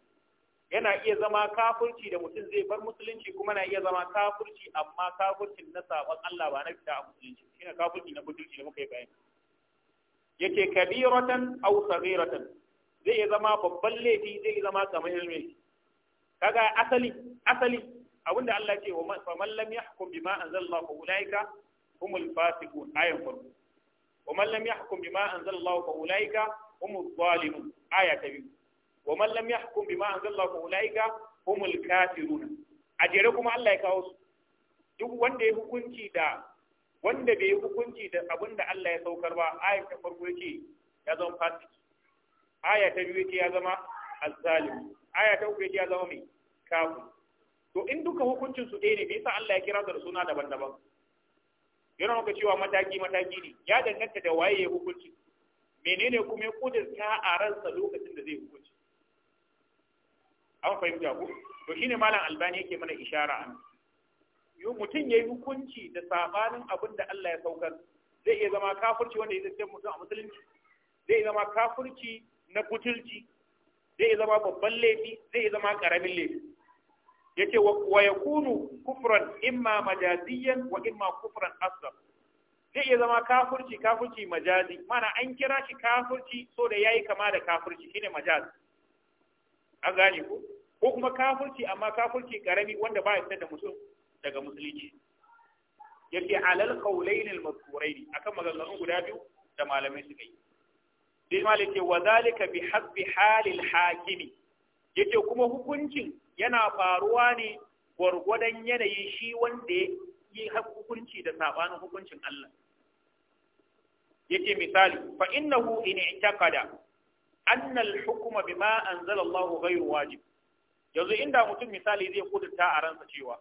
yana iya zama kafurci da mutum zai bar musulunci kuma na iya zama kafurci, amma kafircin na sabon Allah ba na fita a musulunci shine kafurci na mutunci da muka yi bayani yake kabiratan aw saghiratan zai iya zama babban laifi zai iya zama kamar ilmi kaga asali asali abinda Allah ce wa man lam yahkum bima anzalallahu fa ulaika humul fasiqun ayan farko wa man lam yahkum bima anzalallahu fa ulaika humul zalimun aya ta biyu wa man lam yahkum bima anzalallahu fa ulaika humul kafirun a jere kuma Allah ya kawo su duk wanda ya hukunci da wanda bai hukunci da abinda Allah ya saukar ba ayan ta farko yake ya zama fasiki aya ta biyu ce ya zama azzalim aya ta uku ya zama mai kafu to in duka hukuncin su ɗaya ne bai yasa Allah ya kira da suna daban-daban yana muka cewa mataki mataki ne ya danganta da waye ya hukunci menene kuma ya kudurta a ransa lokacin da zai hukunci an fahimta ku to shine malam albani yake mana ishara an yo mutum yayi hukunci da sabanin abin da Allah ya saukar zai iya zama kafirci wanda ya zama mutum a musulunci zai zama kafirci na kutulci zai zama babban laifi zai zama karamin laifi yace wa yakunu kufran imma majaziyan wa imma kufran asghar zai iya zama kafirci kafirci majazi mana an kira shi kafirci so da yayi kama da kafirci shine majaz an gane ko ko kuma kafirci amma kafirci karami wanda ba ya fitar da mutum daga musulunci yake alal qawlayn al-mazkurayn akan maganganun guda biyu da malamai suka yi sai malik ce wa zalika bi hasbi halil hakimi yake kuma hukuncin yana faruwa ne gwargwadon yanayin shi wanda ya yi hukunci da sabanin hukuncin Allah yake misali fa innahu in i'taqada anna al-hukma bima anzala Allah ghayru wajib yanzu inda mutum misali zai kudurta a ransa cewa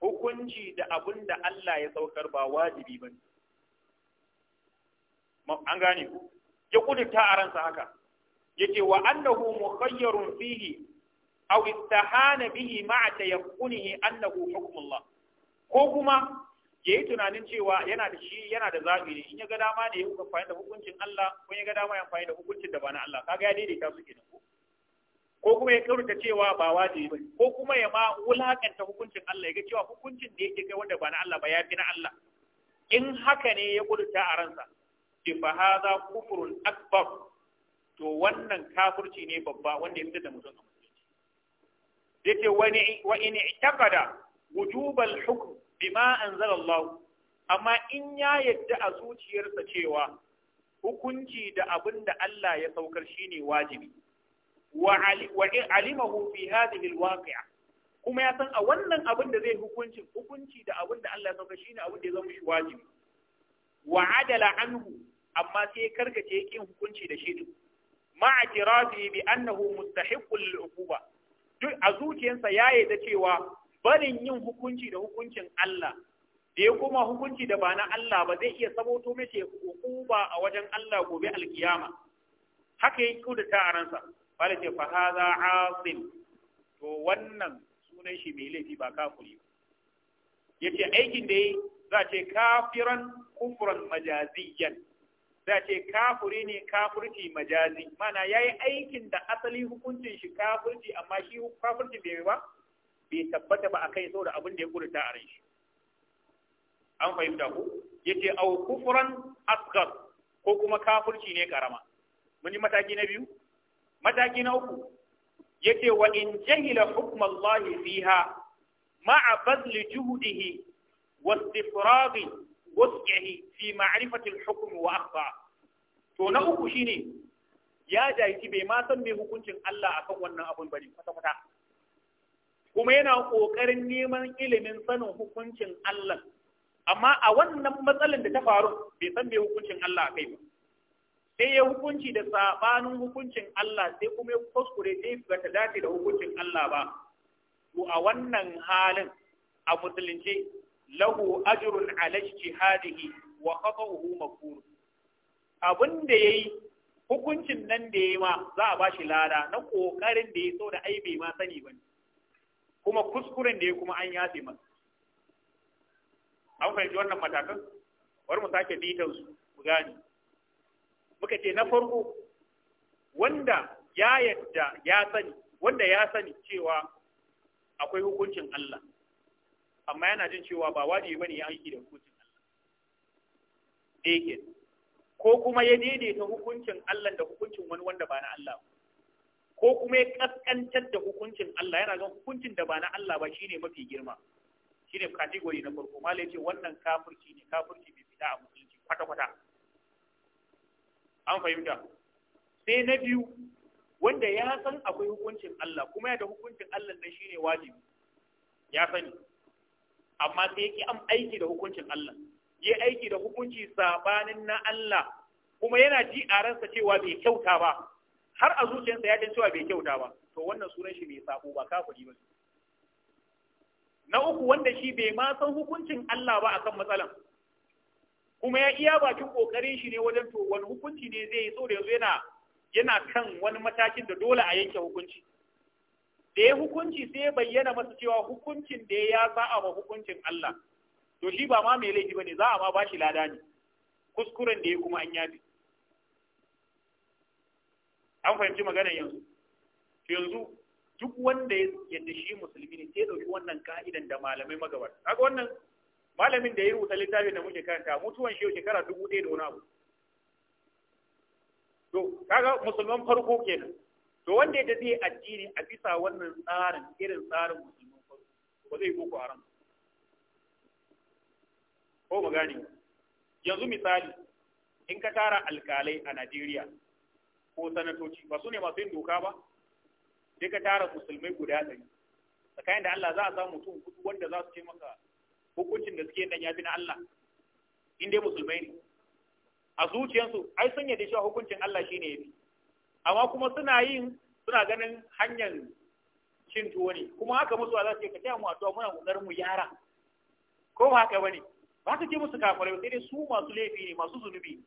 hukunci da abin da Allah ya saukar ba wajibi ba an gane ku ya kudita a ransa haka Ya ce, wa annahu mukhayyarun fihi aw istahana bihi ma'a tayakkunihi annahu hukmullah ko kuma ya yi tunanin cewa yana da shi yana da zaɓi ne in ya ga dama ne ya amfani da hukuncin Allah ko ya ga dama ya amfani da hukuncin da ba na Allah kaga ya daidaita su kenan ko kuma ya kaurta cewa ba wajibi ba ko kuma ya ma wulakanta hukuncin Allah ya ga cewa hukuncin da yake kai wanda ba na Allah ba ya fi na Allah in haka ne ya kudurta a ransa ce fa hadha kufrun akbar to wannan kafirci ne babba wanda ya fitar da mutum a musulunci yace wani wa in i'taqada wujub al-hukm bima anzala Allah amma in ya yadda a zuciyarsa cewa hukunci da abin da Allah ya saukar shine wajibi wa alimahu fi hadhihi al-waqi'a kuma ya san a wannan abin da zai hukunci hukunci da abin da Allah ya sauka shine abin da ya zama shi wajibi wa adala anhu amma sai ya karkace yakin hukunci da shi din ma'a bi annahu mustahiqqul lil duk a zuciyarsa ya yarda cewa barin yin hukunci da hukuncin Allah da ya kuma hukunci da ba na Allah ba zai iya saboto mace hukuma a wajen Allah gobe alkiyama haka ya kuda ta a ransa bala ce fa hadha to wannan sunan shi mai laifi ba kafiri ba yace aikin da yi za ce kafiran kufran majaziyan za ce kafuri ne kafurci majazi mana ya yi aikin da asali hukuncin shi kafurci amma shi kafurci bai ba bai tabbata ba a kai saboda abin da ya kurta a shi an fahimta ku Ya ce au kufuran asghar ko kuma kafurci ne karama mun yi mataki na biyu mataki na uku Ya ce wa in jahila hukm Allah fiha ma'a bazli juhudihi wa istifradi wasqihi fi ma'rifatil hukm wa akhta to na uku shine ya jahilci bai ma san me hukuncin Allah akan wannan abun bane kwata kwata kuma yana kokarin neman ilimin sanin hukuncin Allah amma a wannan matsalar da ta faru bai san me hukuncin Allah kai ba sai ya hukunci da sabanin hukuncin Allah sai kuma ya kuskure sai ba ta dace da hukuncin Allah ba to a wannan halin a musulunci lahu ajrun ala ijtihadihi wa qadahu maghfur Abinda yayi hukuncin nan da yayi ma za a bashi lada na kokarin da yayi so da aibe ma sani bane kuma kuskuren da yayi kuma an yafe masa an fahimci wannan matakan bari mu sake bitan su mu gane muka ce na farko wanda ya yadda ya sani wanda ya sani cewa akwai hukuncin Allah amma yana jin cewa ba wajibi bane ya aiki da hukuncin Allah dake ko kuma ya daidaita hukuncin Allah da hukuncin wani wanda ba na Allah ko kuma ya kaskantar da hukuncin Allah yana gan hukuncin da ba na Allah ba shine mafi girma shine category na farko mallai ce wannan kafirci ne kafirci bai fita a musulunci kwata kwata an fahimta sai na biyu wanda ya san akwai hukuncin Allah kuma ya da hukuncin Allah nan shine wajibi ya sani amma sai yake am aiki da hukuncin Allah ya aiki da hukunci sabanin na Allah kuma yana ji a ransa cewa bai kyauta ba har a zuciyarsa ya dace cewa bai kyauta ba to wannan sunan shi bai sabo ba kafiri ba na uku wanda shi bai ma san hukuncin Allah ba akan matsalan kuma ya iya bakin kokarin shi ne wajen to wani hukunci ne zai yi so da yanzu yana yana kan wani matakin da dole a yanke hukunci da ya hukunci sai ya bayyana masa cewa hukuncin da ya za a ma hukuncin Allah to shi ba ma mai laifi ba ne, za a ma bashi lada ne kuskuren da ya kuma an yafi an fahimci maganar yanzu yanzu duk wanda yadda shi musulmi ne sai dauki wannan ka'idan da malamai magabar kaga wannan malamin da ya rubuta littafin da muke karanta mutuwan shi shekara dubu ɗaya da wani abu to kaga musulman farko kenan to wanda ya zai addini a bisa wannan tsarin irin tsarin musulmin farko ba zai boko haram ko mu gane yanzu misali in ka tara alkalai a Najeriya ko sanatoci ba su ne masu yin doka ba sai ka tara musulmai guda ɗari tsakanin da Allah za a samu mutum hudu wanda za su ce maka hukuncin da suke nan ya fi na Allah in dai musulmai ne a zuciyarsu ai sun yadda cewa hukuncin Allah shine ya fi amma kuma suna yin suna ganin hanyar cin tuwo ne kuma haka musu za su ce ka mu addu'a muna kokarin mu yara ko ba haka bane ba su ce musu kafare sai dai su masu laifi ne masu zunubi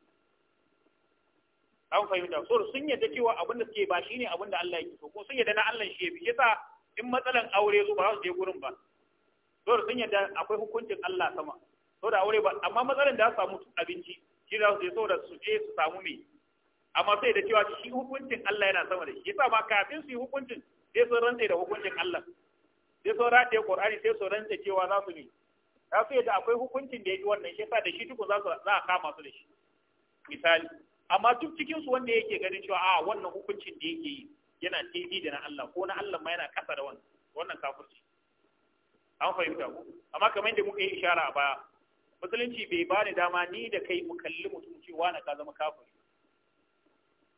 an fahimta so sun yadda cewa abin da suke ba shine abin da Allah yake so ko sun yadda na Allah shi yafi yasa in matsalan aure zo ba za su je gurin ba so sun yadda akwai hukuncin Allah sama so da aure ba amma matsalan da za su samu abinci shi za su je so da su je su samu me amma sai da cewa shi hukuncin Allah yana sama da shi yasa ma kafin su yi hukuncin sai sun rantsa da hukuncin Allah sai sun rataye Qur'ani sai sun rantsa cewa za su ne za su da akwai hukuncin da ya yi wannan shi yasa da shi duka za a kama su da shi misali amma duk cikin su wanda yake ganin cewa a ah, wannan hukuncin da yake yi yana daidai da na Allah ko na Allah ma yana kasa da wannan wannan kafirci an fahimta ku amma kamar yadda muka yi ishara a baya musulunci bai bani dama ni da kai mu kalli mutum cewa na ka zama kafiri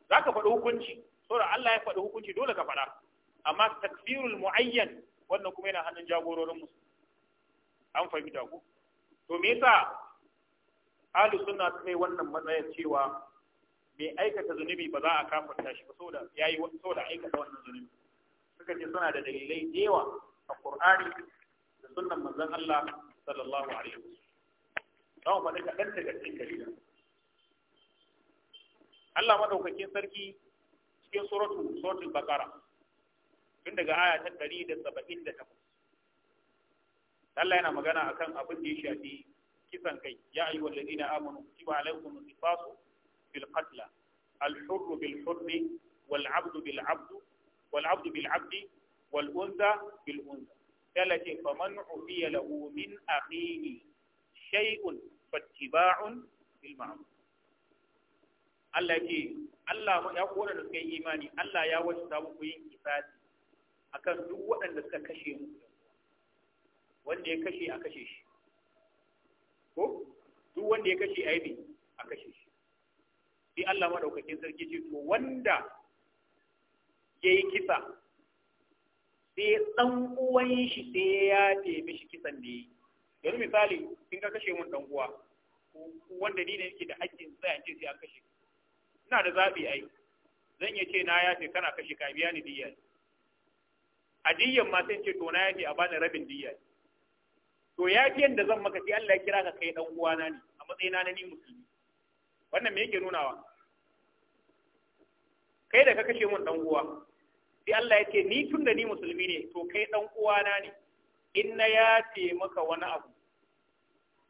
za ka faɗi hukunci saboda Allah ya faɗi hukunci dole ka faɗa amma takfirul mu'ayyan wannan kuma yana hannun jagororin mu an fahimta ku to me yasa ahlus sunna suka yi wannan matsayin cewa mai aikata zunubi ba za a kafarta shi ba saboda yayi saboda aikata wannan zunubi suka ce suna da dalilai da yawa a Qur'ani da sunnan manzon Allah sallallahu alaihi wasallam. Don faɗi kaɗan daga cikin dalilan. Allah madaukakin sarki cikin suratu suratul bakara tun daga aya ta takwas Allah yana magana akan abin da ya shafi kisan kai ya ayyuhal ladina amanu kutiba alaykum as-sifasu fil qatl al-hurr bil hurr wal 'abdu bil 'abd wal 'abdu bil 'abd wal untha bil faman ufiya lahu min akhihi shay'un fattiba'un bil ma'ruf Allah ce Allah ya kora da suka yi imani Allah ya wace ta muku yin kisasi akan duk waɗanda suka kashe mu wanda ya kashe a kashe shi ko duk wanda ya kashe aibi a kashe shi sai Allah madaukakin sarki ce to wanda ya yi kisa sai ɗan uwan shi sai ya tebe shi kisan da yi. yanzu misali kin ka kashe mun ɗan uwa wanda ni ne yake da hakkin sai an ce sai an kashe ina da zaɓi ai zan iya ce na yafe kana kashe ka biya ni diyya a diyyan ma sai ce to na yafe a bani rabin diyya to yafiyan da zan maka sai Allah ya kira ka kai dan uwana ne a matsayina na ni musulmi wannan me yake nunawa kai da ka kashe mun dan uwa sai Allah ya ce ni tun da ni musulmi ne to kai dan uwana ne in na yafe maka wani abu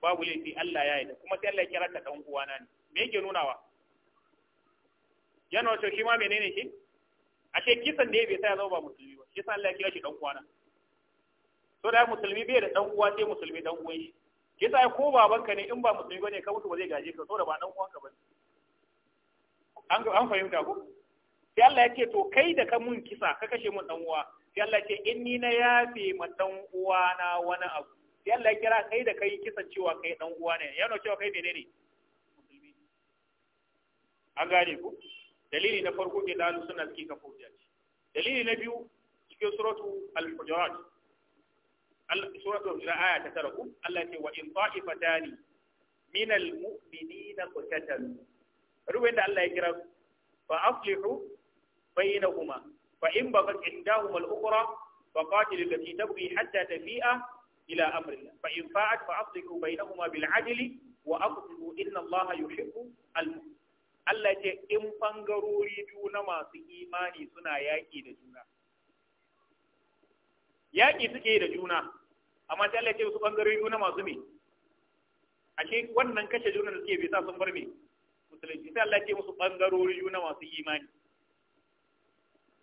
babu laifi Allah ya yi da kuma sai Allah ya kira ka dan uwana ne me yake nunawa yana wato shi ma menene shi ce kisan da ya bai sa ya zama ba musulmi ba kisan Allah ya kira shi dan uwana to da musulmi bai da dan uwa sai musulmi dan uwan shi kisa ko ko babanka ne in ba musulmi bane ka mutu ba zai gaje ka to da ba dan ka bane an an fahimta ko sai Allah ya ce to kai da ka mun kisa ka kashe mun dan uwa sai Allah ya ce ni na yafe ma dan uwa na wani abu sai Allah ya kira kai da kai kisan cewa kai dan uwa ne yana cewa kai menene musulmi an gane ku dalili na farko ne da suna suke kafa hujja dalili na biyu cikin suratu al-hujurat suratu al-hujurat aya Allah ce wa in ta'ifatani min al-mu'minina qatatalu ruwan da Allah ya kira fa aslihu bainahuma fa in bagat indahuma al-ukhra fa qatil allati tabghi ila wa aqsitu inna yuhibbu Allah ce in bangarori biyu na masu imani suna yaƙi da juna yaƙi suke da juna amma sai Allah ce su bangarori biyu na masu me ashe wannan kashe juna da suke bai sa sun bar me musulunci sai Allah ce musu bangarori biyu na masu imani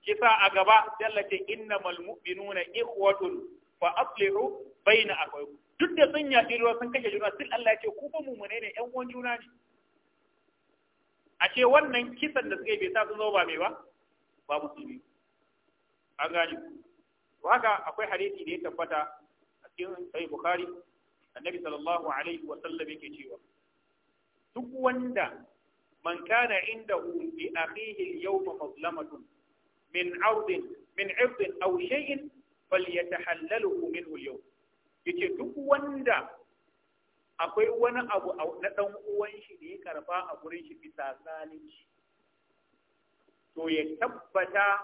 kisa a gaba sai Allah ce innamal mu'minuna ikhwatun fa aslihu baina akwai duk da sun yaƙi ruwa sun kashe juna sai Allah ya ce ku ba mu ne ƴan uwan juna ne ashe wannan kisan da suka yi bai sa sun zama ba mai ba ba musulmi an gane ku haka akwai hadisi da ya tabbata a cikin sahih bukhari annabi sallallahu alaihi wa sallam yake cewa duk wanda man kana indahu li akhihi al-yawma mazlamatun min 'ardin min 'irdin aw shay'in falyatahallaluhu minhu al-yawm yace duk wanda akwai wani abu na ɗan uwan shi da ya karba a gurin shi bisa shi. to ya tabbata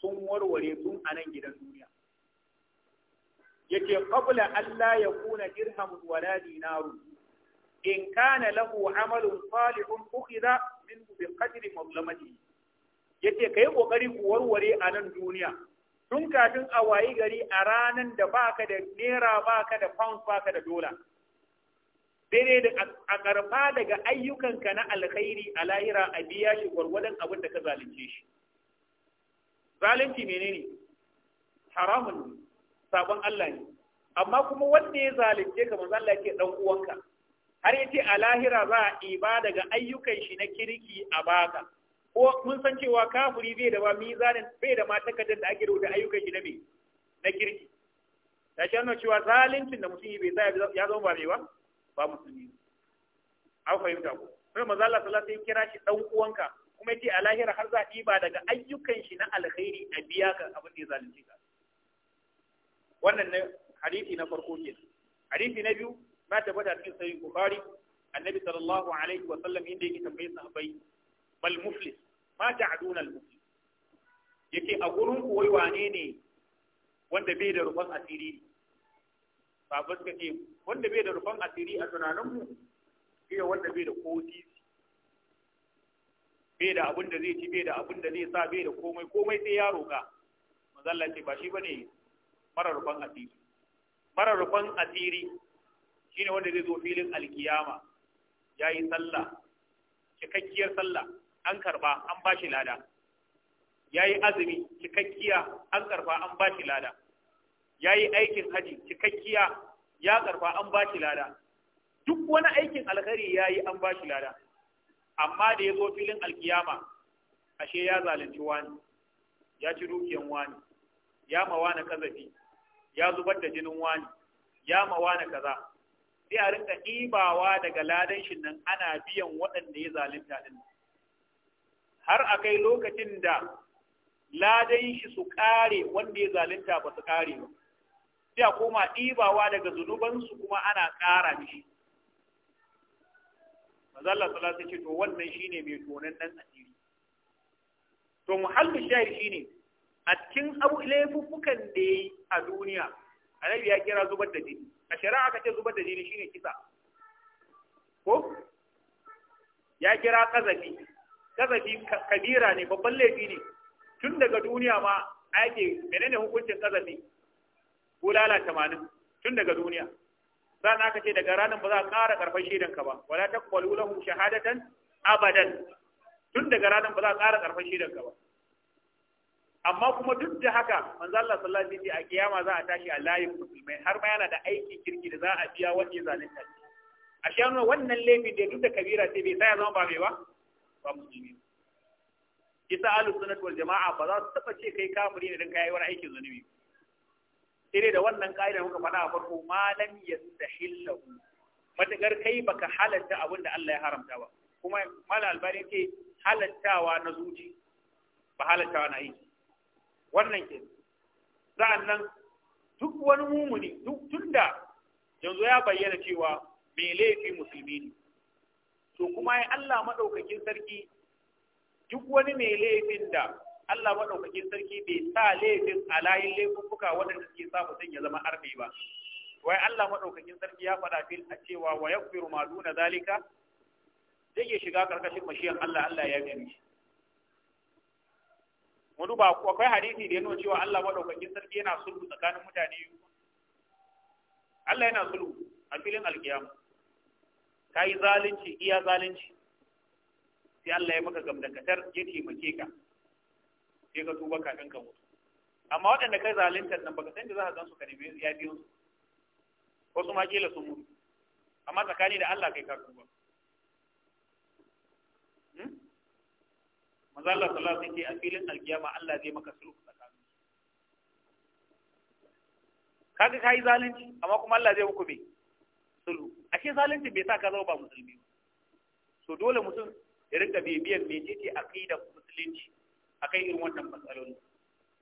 sun warware tun a nan gidan duniya yake qabla Allah ya kuna dirham wala dinaru in kana lahu amalun salihun ukhidha min bi qadri mazlamati yace kai kokari ku warware a nan duniya tun kafin a wayi gari a ranan da baka da naira baka da pound baka da dollar. Daidai da a karfa daga ayyukanka na alkhairi a lahira a biya shi gwargwadon abin da ka zalunce shi zalunci menene haramun sabon Allah ne amma kuma wanda ya zalunce ka manzo Allah yake dan uwanka har yace a lahira za a iba daga ayyukan shi na kirki a baka ko mun san cewa kafiri bai da ba mizanin bai da ma da ake rubuta ayyukan shi na me na kirki da shi cewa zalincin da mutum bai ya zama ba mai ba ba musulmi an fahimta ko sai manzo Allah sallallahu alaihi kira shi dan uwanka kuma yake a lahira har za ɗiba daga ayyukan shi na alkhairi a biya ka abin da ya zalunce ka wannan ne hadisi na farko ke hadisi na biyu ma ta bada cikin sahih bukhari annabi sallallahu alaihi wa sallam inda yake tambaye sahabbai bal muflis ma ta'duna al muflis yake a gurin koyi wane ne wanda bai da rufan asiri sabu suka ce wanda bai da rufan asiri a tunaninmu shi wanda bai da koti bai da abin da zai ci bai da abin da zai sa bai da komai komai sai ya roƙa mazalla ce ba shi bane mara rufan asiri mara rufan asiri shine wanda zai zo filin alkiyama Ya yi sallah cikakkiyar sallah an karba an bashi lada Ya yi azumi cikakkiya an karba an bashi lada ya yi aikin haji cikakkiya ya karfa an ba shi lada duk wani aikin alkhari ya yi an ba shi lada amma da ya zo filin alkiyama ashe ya zalunci wani ya ci dukiyan wani ya ma wani kazafi ya zubar da jinin wani ya ma wani kaza sai a rinka ibawa daga ladan shi nan ana biyan waɗanda ya zalunta din har akai lokacin da ladan shi su kare wanda ya zalunta ba su kare ba sai a koma ɗibawa daga zunubansu kuma ana ƙara shi mazalla ta ce to wannan shine mai tonan dan asiri to muhallu shahid shine a cikin abu laifuffukan da yayi a duniya annabi ya kira zubar da jini a shari'a ka ce zubar da jini shine kisa ko ya kira kazafi kazafi kabira ne babban laifi ne tun daga duniya ma ake menene hukuncin kazafi ko lala tamanin tun daga duniya sannan aka ce daga ranar ba za a ƙara ƙarfin shaidanka ba wala taqbalu lahum shahadatan abadan tun daga ranar ba za a ƙara ƙarfin shaidanka ba amma kuma duk da haka manzo Allah sallallahu alaihi wasallam a kiyama za a tashi a layin musulmai har ma yana da aiki kirki da za a biya wani zalunta a shi wannan laifin da duk da kabira sai bai tsaya zama ba mai ba ba musulmi kisa alu sunnat wal jamaa ba za su taba ce kai kafiri ne dan kai wani aikin zunubi sai da wannan ƙa'idar muka faɗa a farko malam yastahillahu matakar kai baka halatta abin da Allah ya haramta ba kuma malam albani ke halattawa na zuci ba halattawa na aiki wannan ke sa'an nan duk wani mumuni duk tunda yanzu ya bayyana cewa mai laifi musulmi ne to kuma ya Allah maɗaukakin sarki duk wani mai laifin da Allah maɗaukakin sarki bai sa laifin a layin laifuka waɗanda suke sa mutum ya zama arme ba wai Allah maɗaukakin sarki ya faɗa fil a cewa wa firu ma duna zalika zai iya shiga ƙarƙashin mashiyan Allah Allah ya gani wani ba akwai hadisi da ya nuna cewa Allah maɗaukakin sarki yana sulhu tsakanin mutane Allah yana sulhu a filin alkiyama ka yi zalunci iya zalunci sai Allah ya maka gamdakatar ya taimake ka sai ka tuba kafin ka mutu amma waɗanda kai zaluntar nan baka san da za ka gansu ka nemi ya biyo su wasu ma kila sun mutu amma tsakani da Allah kai ka tuba hmm? manzo Allah sallallahu alaihi wasallam a filin alkiyama Allah zai maka sulhu tsakanin kaga kai zalunci amma kuma Allah zai muku me sulhu ashe zalunci bai sa ka zama ba musulmi so dole mutum ya rinka bibiyan mecece aqidar musulunci akai irin wannan matsaloli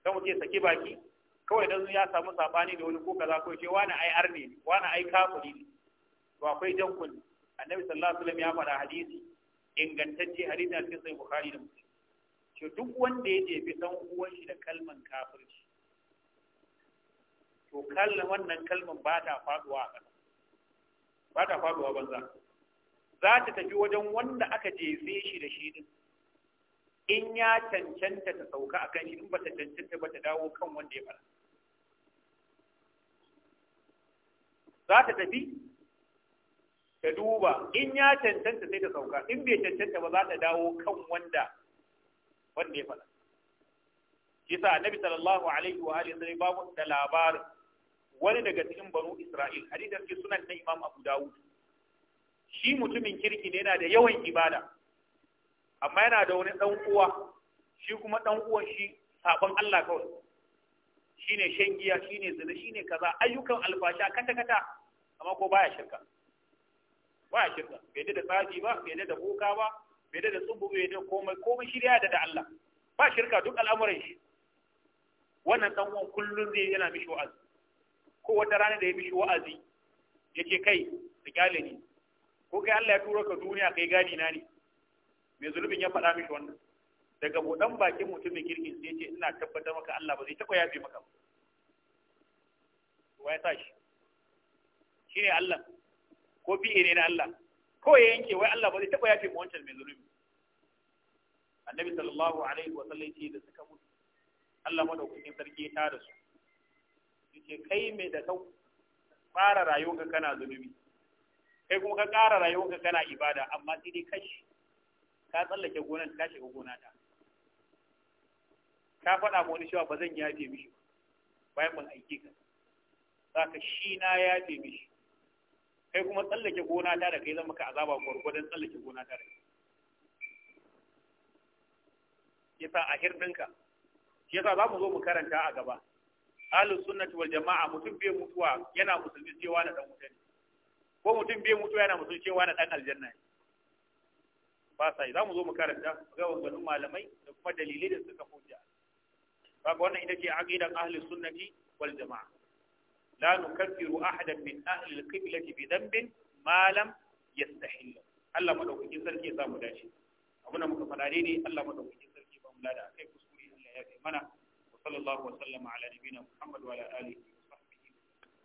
don wuce ya saki baki kawai dan ya samu sabani da wani ko kaza ko ce wani ai arne ne wani ai kafiri ne to akwai jan kunni annabi sallallahu alaihi wasallam ya faɗa hadisi ingantacce hadisi a cikin sahih bukhari da muslim to duk wanda ya jefi dan uwan shi da kalman kafirci to kallan wannan kalman ba ta faduwa a kasa ba ta faduwa banza za ta tafi wajen wanda aka jefe shi da shi din in ya cancanta ta sauka a kan shi in ba ta cancanta ba ta dawo kan wanda ya fara za ta tafi ta duba in ya cancanta sai ta sauka in bai cancanta ba za ta dawo kan wanda wanda ya fara yasa annabi sallallahu alaihi wa alihi wasallam babu da labarin wani daga cikin banu Isra'il hadisin cikin sunan na Imam Abu Dawud shi mutumin kirki ne yana da yawan ibada amma yana da wani dan uwa shi kuma dan uwan shi sabon Allah kawai shine shan giya shine zina shine kaza ayyukan alfasha kata kata amma ko baya shirka baya shirka bai da tsaji ba bai da boka ba bai da tsubu bai da komai komai shi da da Allah ba shirka duk al'amuran shi wannan dan uwan kullun zai yana mishi wa'azi ko wata rana da ya mishi wa'azi yake kai da kyale ne ko kai Allah ya turo ka duniya kai gadi na ne mai zulubin ya faɗa mishi wannan daga buɗan bakin mutumin kirkin sai ce ina tabbatar maka Allah ba zai taɓa yafe maka ba wai sa shi shi ne Allah ko fiye ne na Allah kawai ya yanke wai Allah ba zai taɓa yafe mu wancan mai zulubi annabi sallallahu alaihi wa sallam ce da suka mutu Allah madaukakin sarki ya tada su yace kai mai da kau fara rayuwarka kana zulubi kai kuma ka ƙara rayuwarka kana ibada amma sai dai kashi ka tsallake gonan ka shiga gona ta ka faɗa ma wani cewa ba zan yafe mishi bayan mun aike ka saka shi na yafe mishi kai kuma tsallake gona ta da kai zan maka azaba gwargwadon tsallake gona ta da kai yasa a hirdinka yasa za mu zo mu karanta a gaba ahlus sunnati wal jama'a mutum bai mutuwa yana musulmi cewa na dan wuta ne ko mutum bai mutuwa yana musulmi cewa na dan aljanna ne ba sa yi za mu zo mu karanta ga wanganin malamai da kuma dalilai da suka hujja kaga wannan ita ce aqidan ahli sunnati wal jamaa la nukaffiru ahadan min ahli al-qiblati bi dhanbin ma lam yastahil Allah madaukakin sarki ya samu dace abu na muka faɗa ne Allah madaukakin sarki ba mu lada kai kuskure Allah ya kai mana wa sallallahu wa sallama ala nabiyina Muhammad wa ala alihi